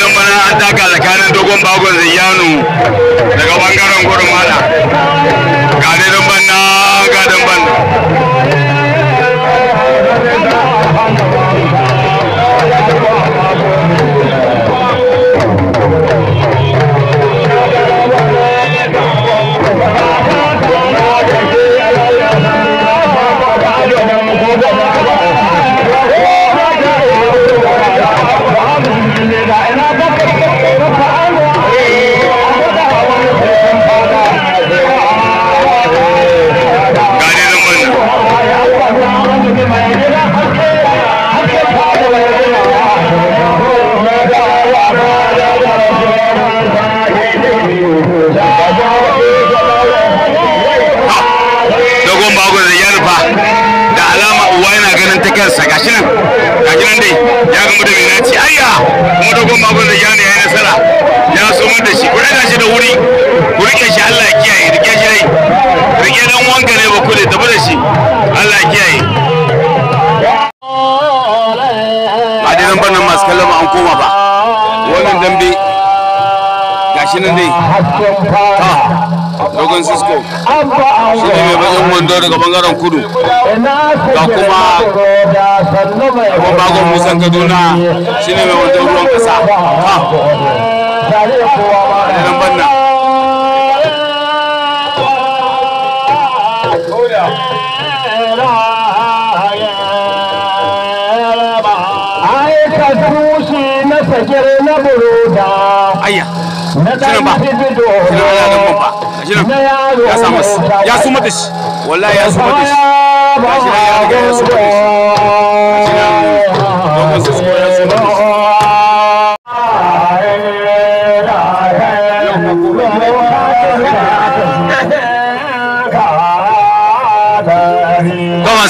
nan bana an taka tsakanin dogon bagon ziyanu daga bangaren gudun mana ga nan bana ga dan bana shi mai bakin wando daga bangaren kudu ga kuma bagon musan kaduna shi ne mai wando ruwan kasa ɗanen Aya, suna ba, suna ya da ba. gashi nan ya samu ya shi wallahi ya shi gashi nan ya riga ya shi gashi nan don wasu ya shi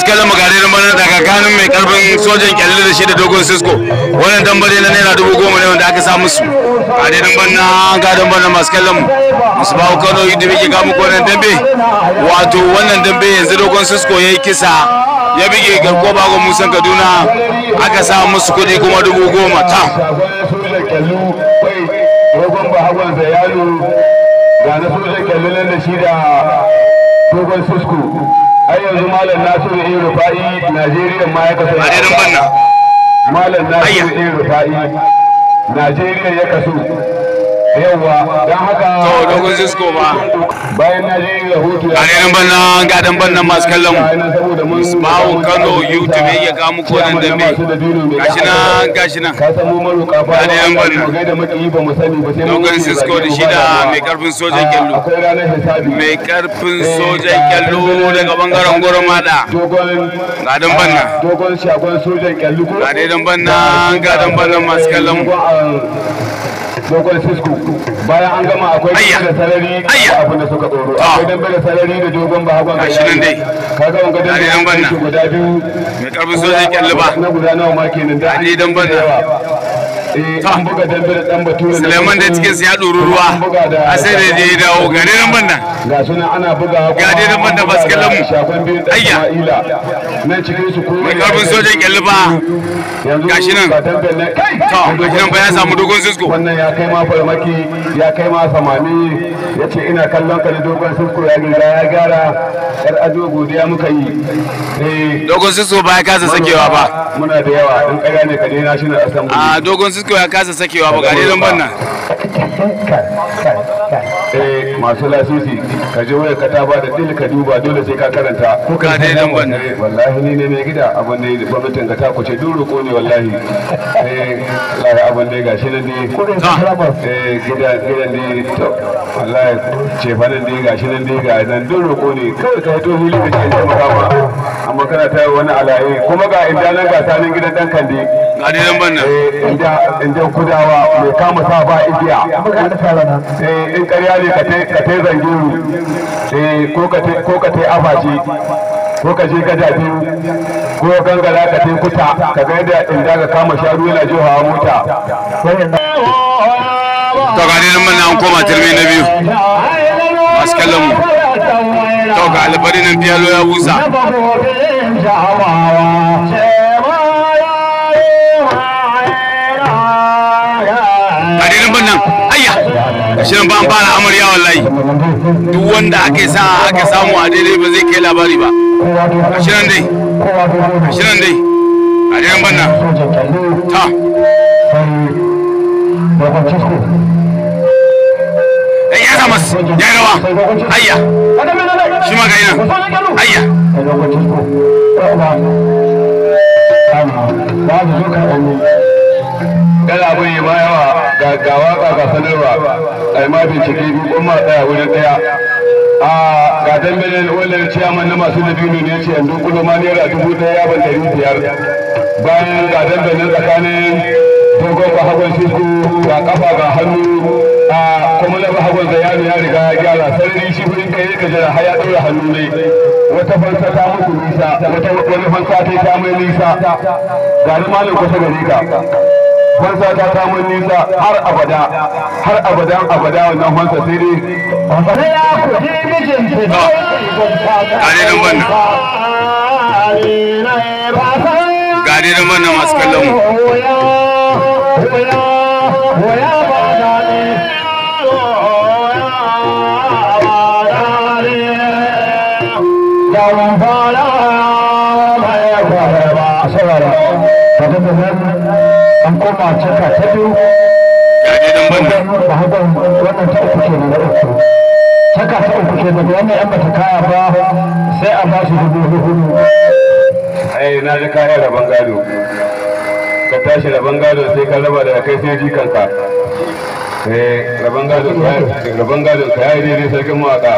lo hannun mai karfin sojan kyalli da shi da dogon cisco wannan dambare na naira dubu goma ne wanda aka sa musu a dai dambar na ga dambar na masu kallon musu ba kano da muke ga muku wannan dambe wato wannan dambe yanzu dogon cisco ya yi kisa ya bige garko bagon musan kaduna aka sa musu kuɗi kuma dubu goma ta ga na sojan da shi da dogon har yanzu malam nasiru in rufa'i najeriya ma ya kasu malam nasiru in rufa'i najeriya ya kasu yawwa don haka to dogon zisko bayan na je hutu a ne banna ga dan banna masu kallon Ismail Kano YouTube ya ga ko nan da me gashi nan gashi nan ka samu fa ne banna da maki ba mu sani ba sai dogon da shi da mai karfin sojan ah, kyallo mai karfin eh, sojan kyallo daga bangaren gurin mada ga dan banna dogon shagon sojan ga dan banna ga dan banna masu kallon dogon sisko bayan an gama akwai da sarari da abin da suka tsoro ah. akwai dambe da sarari da dogon ba hagon ga shirin dai kaga wanga da guda biyu mai karfin sojin kyalli ba na guda nawa ma kenan da dan banna Eh, Suleiman da cikin ya ɗoru ruwa a sai da ya dawo ga dai nan bannan ga sunan ana buga ga dai nan bannan baskilan mu ayya nan cikin su mai karfin sojan kyalba shi nan to shi nan ba ya samu dogon sisko wannan ya kai ma farmaki ya kai ma samani ya ce ina kallon ka da dogon sisko ya gira ya gara yar ajo godiya muka yi eh. dogon sisko ba ya kasa sakewa ba muna da yawa in kaga ne ka dai na shi na asan a dogon sisko disko ya kasa sakewa ba gare don banna eh masu lasisi ka je waya ka taba da dil ka duba dole sai ka karanta ko ka dai nan banna eh, wallahi ni ne mai gida abin da gwamnatin ka ta kuce dun ko ne wallahi eh wallahi abin da gashi nan dai eh gida gidan ne to wallahi ce fa nan dai gashi nan dai ga nan dun ko ne kai ka fito hili ka ce amma kana ta wani alaye kuma ga inda nan ga sanin gidan dan kandi ga dai nan bannan eh, inda kudawa mai kama sa ba igiya eh in ƙarya ne ka te ka te zangiru eh ko ka te ko ka te afashi ko ka je gada biyu ko gangara ka te kuta ka ga yadda da ka kama sharu yana jihawa mota to ga dai nan bannan an koma turmi na biyu masu kallon mu to ga albari biyalo ya busa irin nan ayya gashi nan ba an fara amarya wallahi duk wanda ake sa ake samu a daidai ba zai kai labari ba gashi nan dai gashi nan dai a ban nan ta ɗan eh, ya zama ya rawa ayya shi ma ga nan ayya Thank you. kada abin yi bayawa ga gawa ga ga a yi ma ciki duk ma tsaya wurin daya a ga dambele wannan ciyaman na masu dabino ne ce yanzu kudu ma naira dubu daya ban dari biyar bayan ga ne tsakanin dogon ba hagon sisko ga kafa ga hannu a kuma na ba hagon zayanu ya riga gyara sarari shi wurin kai ka jira har ya ɗaura hannu ne wata fansa ta mutu nisa wata wani fansa ta yi ta mai nisa ga malin kusa gare ka fansa ta samun nisa har abada har abadan abada wannan fansa sai dai bari ya ku ji mijin ah. gari dalilan wannan gari dalilan wannan masu kallon mu Thank you. an koma cika ta biyu wannan ta uku kenan na uku caka ta uku kenan wannan yan bata kaya ba sai a ba shi dubu hudu ai na ji kaya rabon gado ka tashi rabon gado sai ka raba da kai sai ji kanka eh, rabon gado gado ka yi daidai sarkin mawaka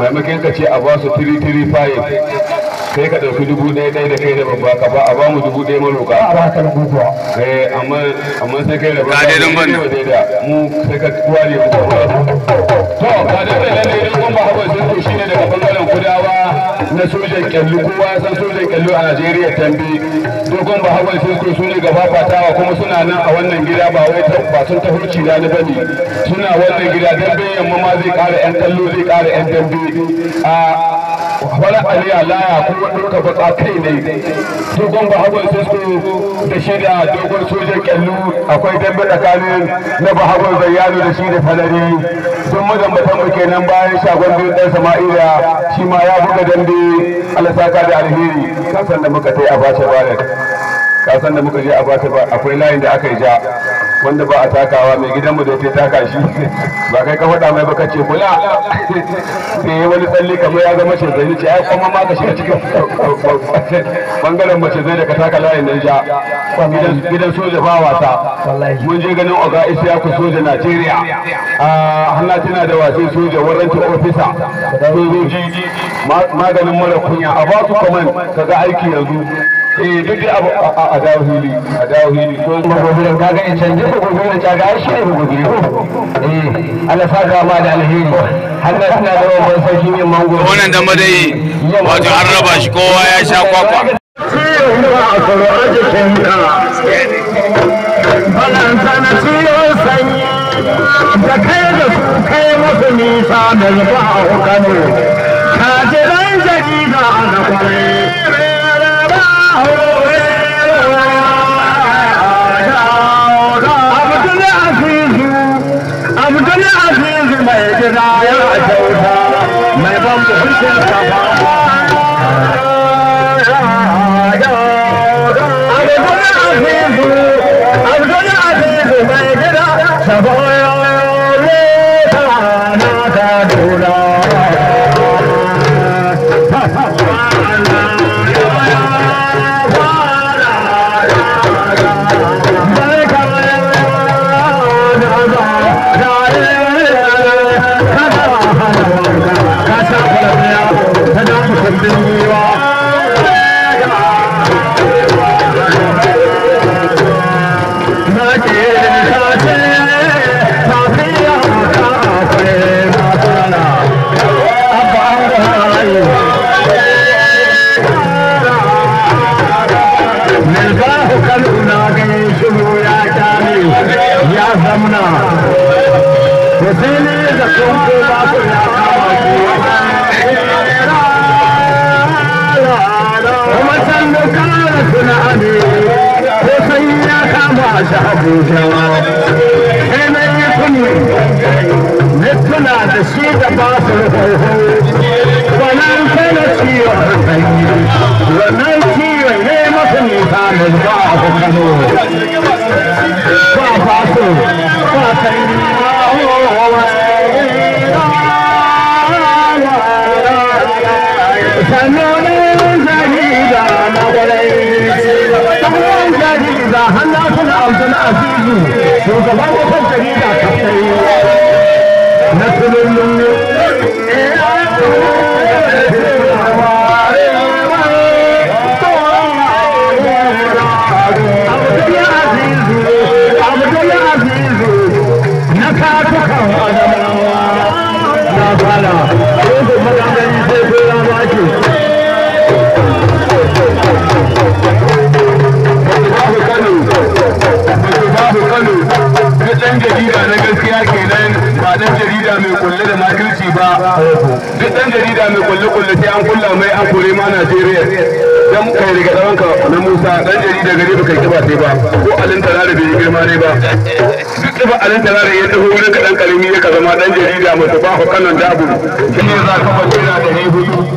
maimakon ka ce a ba su 335 sai ka ɗauki dubu ɗaya ɗaya da kai da babba ka ba a ba mu dubu ɗaya maroka a ba ka da kuwa eh amma amma sai kai da babba ka da ban da mu sai ka ware mu to ba da da ne idan kun ba haɓa sun to shine daga bangaren kudawa na sojan kyallu kowa ya san sojan kyallu a Najeriya tambi dogon ba haba sun to sune gaba fatawa kuma suna nan a wannan gida ba wai ba sun ta hurci da na bane suna wannan gida dambe yamma ma zai kare 'yan kallo zai kare 'yan dambe a wani ali alaya kuma duka batsa kai ne dogon bahagon sisko da shi da dogon sojan kyallu akwai dambe tsakanin na bahagon zayyano da shi da falari don mazambatan mu kenan bayan shagon biyu ɗan sama'ila shi ma ya buga dambe alasaka da alheri kasan da muka tai a bace bayan kasan da muka je a bace akwai layin da aka yi ja wanda ba a takawa mai gidanmu da ya taka shi ba kai ka faɗa mai ba ce kula sai ya wani tsalle kamar ya zama shi zai ce ai kuma ma ka shiga cikin bangaren mace zai da ka taka layin nan ja gidan soja ba wasa mun je ganin oga isiya ku soja Najeriya hanna tana da wasu soja warranti ofisa sojoji maganin mara kunya a ba su kaman kaga aiki yanzu eh duk da abu a dawo a dawo ko in canje ta ga shi eh Allah ma da alheri hannan suna da wannan sarki mango wannan da madai wato an raba shi kowa ya sha kwakwa sanyi da kai da su kai masu nisa da a hukano, ka ji ran jarida da kwarai. Hurrah! Aliyu shugaban wata jarida kafai na tunanin dan jarida mai kulle da makirci ba duk dan jarida mai kulle kulle sai an kulla mai an kore ma Najeriya dan kai daga tsawon na Musa dan jarida gari ba kai kiba sai ba ko alin tarare bai girma ne ba duk kiba alin tarare ya taho wurin ka dan karimi ya ka zama dan jarida mai ba kanan da abu shi ne za ka bace da hibu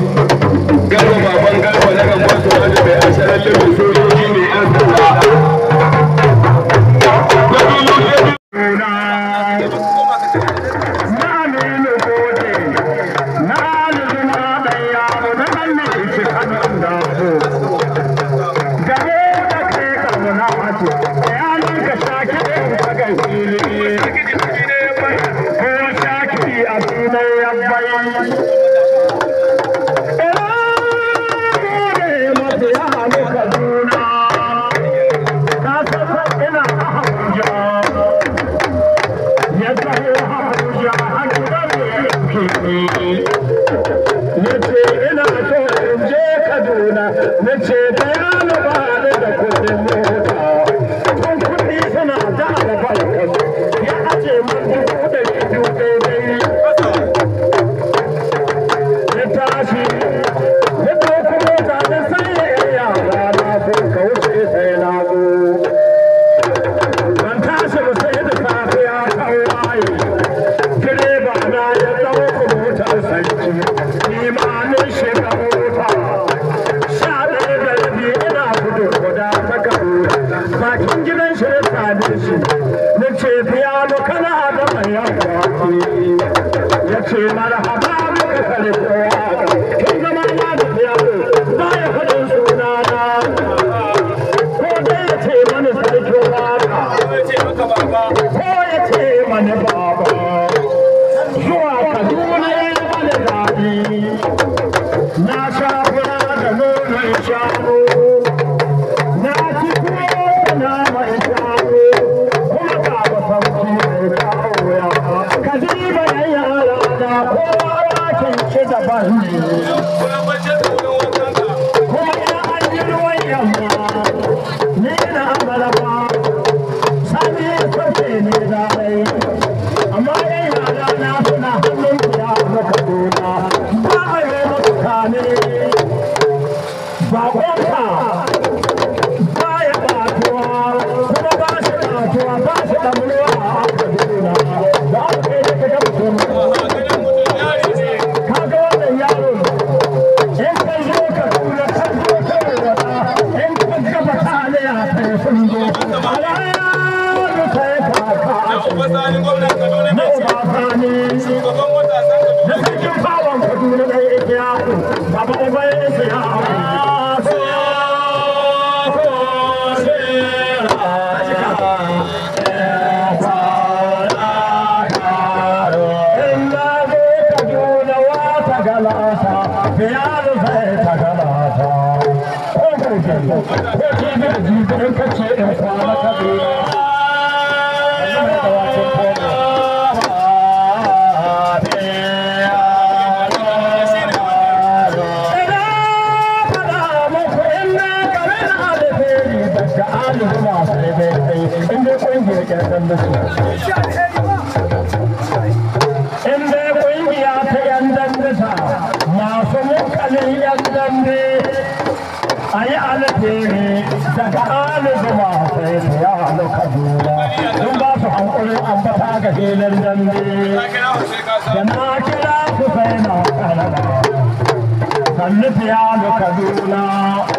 Baba Sani gwamnan Kaduna mai shugaban matasan Kaduna. in dai kungiyar ƴan ta ƴan dambe ta masu mukalin ƴan dambe a yi alfere daga alibu masu ya halu kaduna Don ba su hankulin ambata ga filin dambe da na kira ku sai na kanada kalli fiya kaduna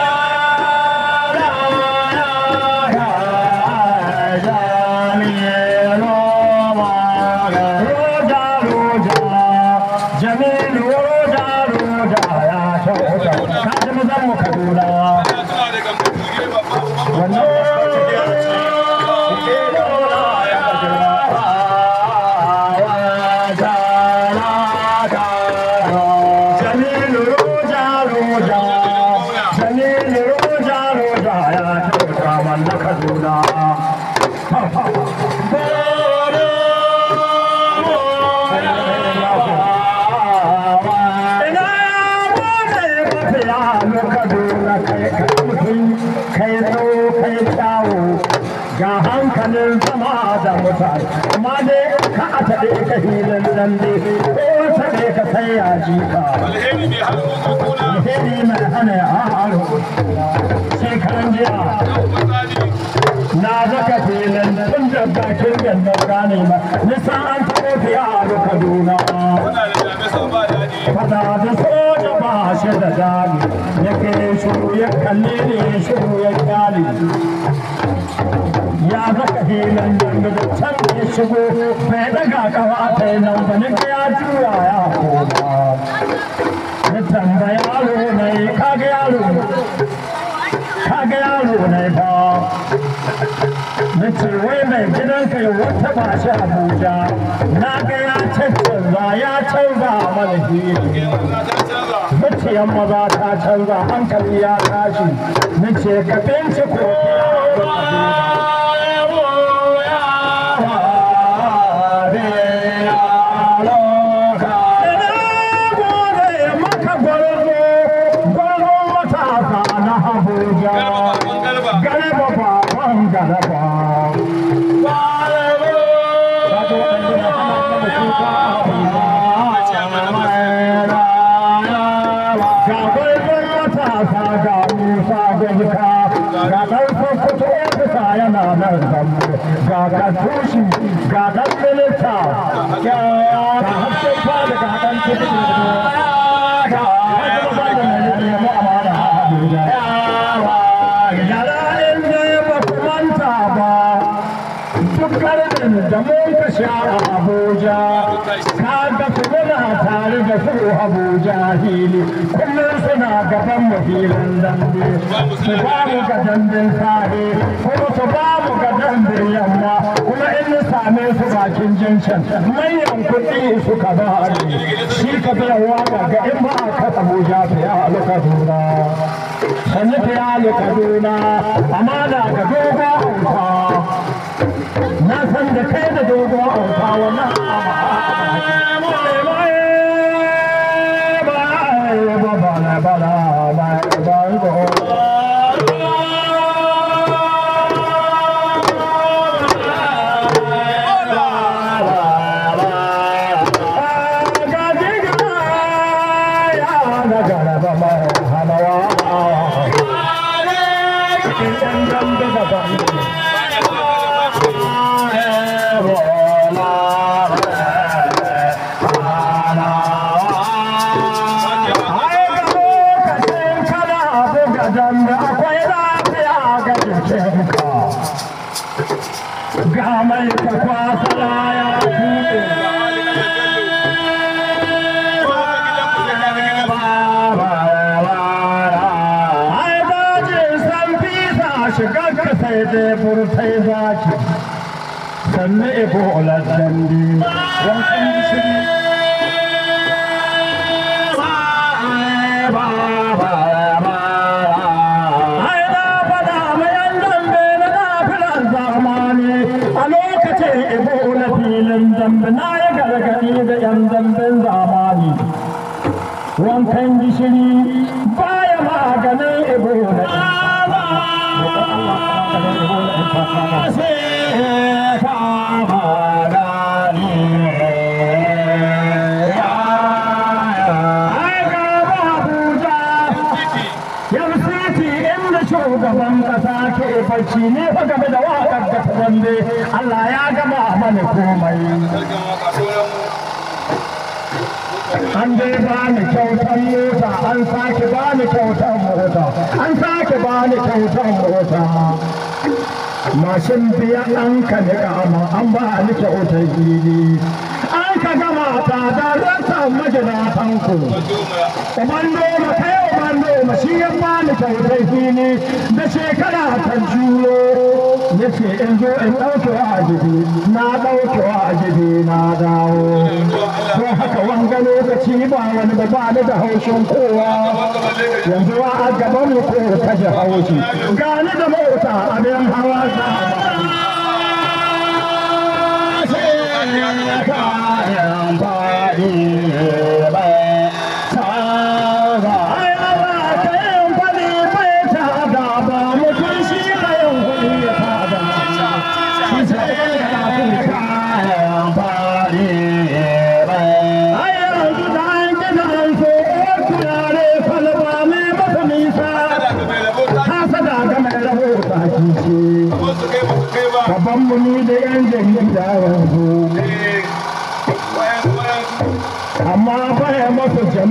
sa'ad amma dai ka a taɓe ka hilin dambe ko taɓe ka sai ya ji ka alheri mai hana ya haro karan jiya na zaka filin tun da bakin gandar gane ba nisan an taɓa fiye a duka kaduna. fada da soja ba shi da dami ya kai shuru ya kalle ne shuru ya kyale ya raka hilan nan da can ya shigo bai daga kawa ta yi nan ba nika ya juya ya koma ya tambaya yaro na yi kaga yaro kaga yaro ne ba nace wai mai gidan ya wata ba shi abuja na ga ya canza ya canza a mana hiri zuciyan maza ta canza hankali ya tashi nace ka binciko koshi ga dan minista ya ta haske ba daga hakan cikin da da mun ka Abuja ka ga tare da su Abuja hili kullum suna gaban mu dambe su ba mu ga dambin kuma su ba mu same su bakin jincan manyan kuɗi suka ba ni shi ka birawa daga in ba a kasa buja ta ya halu juna sannu ta ya halu kaduna amma da ga dogo auta na san da kai da dogo auta wannan ba ba ba ba Ola Zandi, Ramsey City. zambe na ya gargaɗi da 'yan zamben zamani wankan gishiri bani kyautar mota an sake bani kyautar mota an sake bani kyautar mota mashin biya an ka amma an ba ni kyautar gidi ka gama tsada zan samu majinatan ku uban noma kai uban noma shi ni kai-kai fili da shekara ta juyo yace in zo in ɗauke wa na ɗauke wa na dawo ko haka wanga lokaci ba wani ba ba da haushin kowa yanzu wa a gaban mu ko kashe haushi gani da mota abin hawa sa kayan faɗi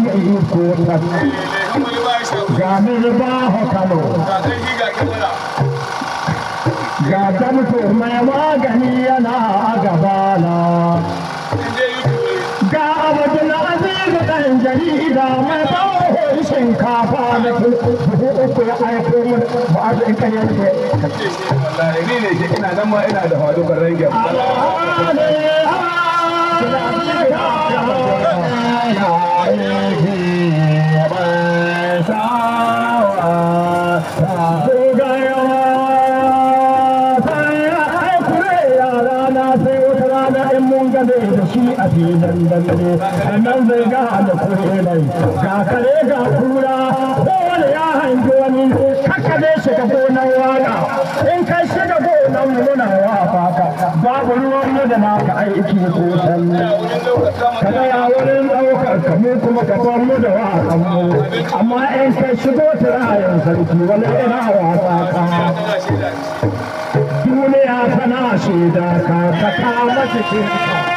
ga ba kano ga damto mai magani gabana ga mai shinkafa da buhu uku ina nan ina da faɗo kan filin dambe a nan zai ga kare ga kura kowane ya wani shi ga gonan waka in kai shi ga gonan babu ruwan mu da aiki ko sanni kada ya wurin ka mu kuma ka da wakan mu amma in kai shigo ra'ayin sarki wani duniya shaida ka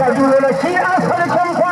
يعتدون شيئا فلكم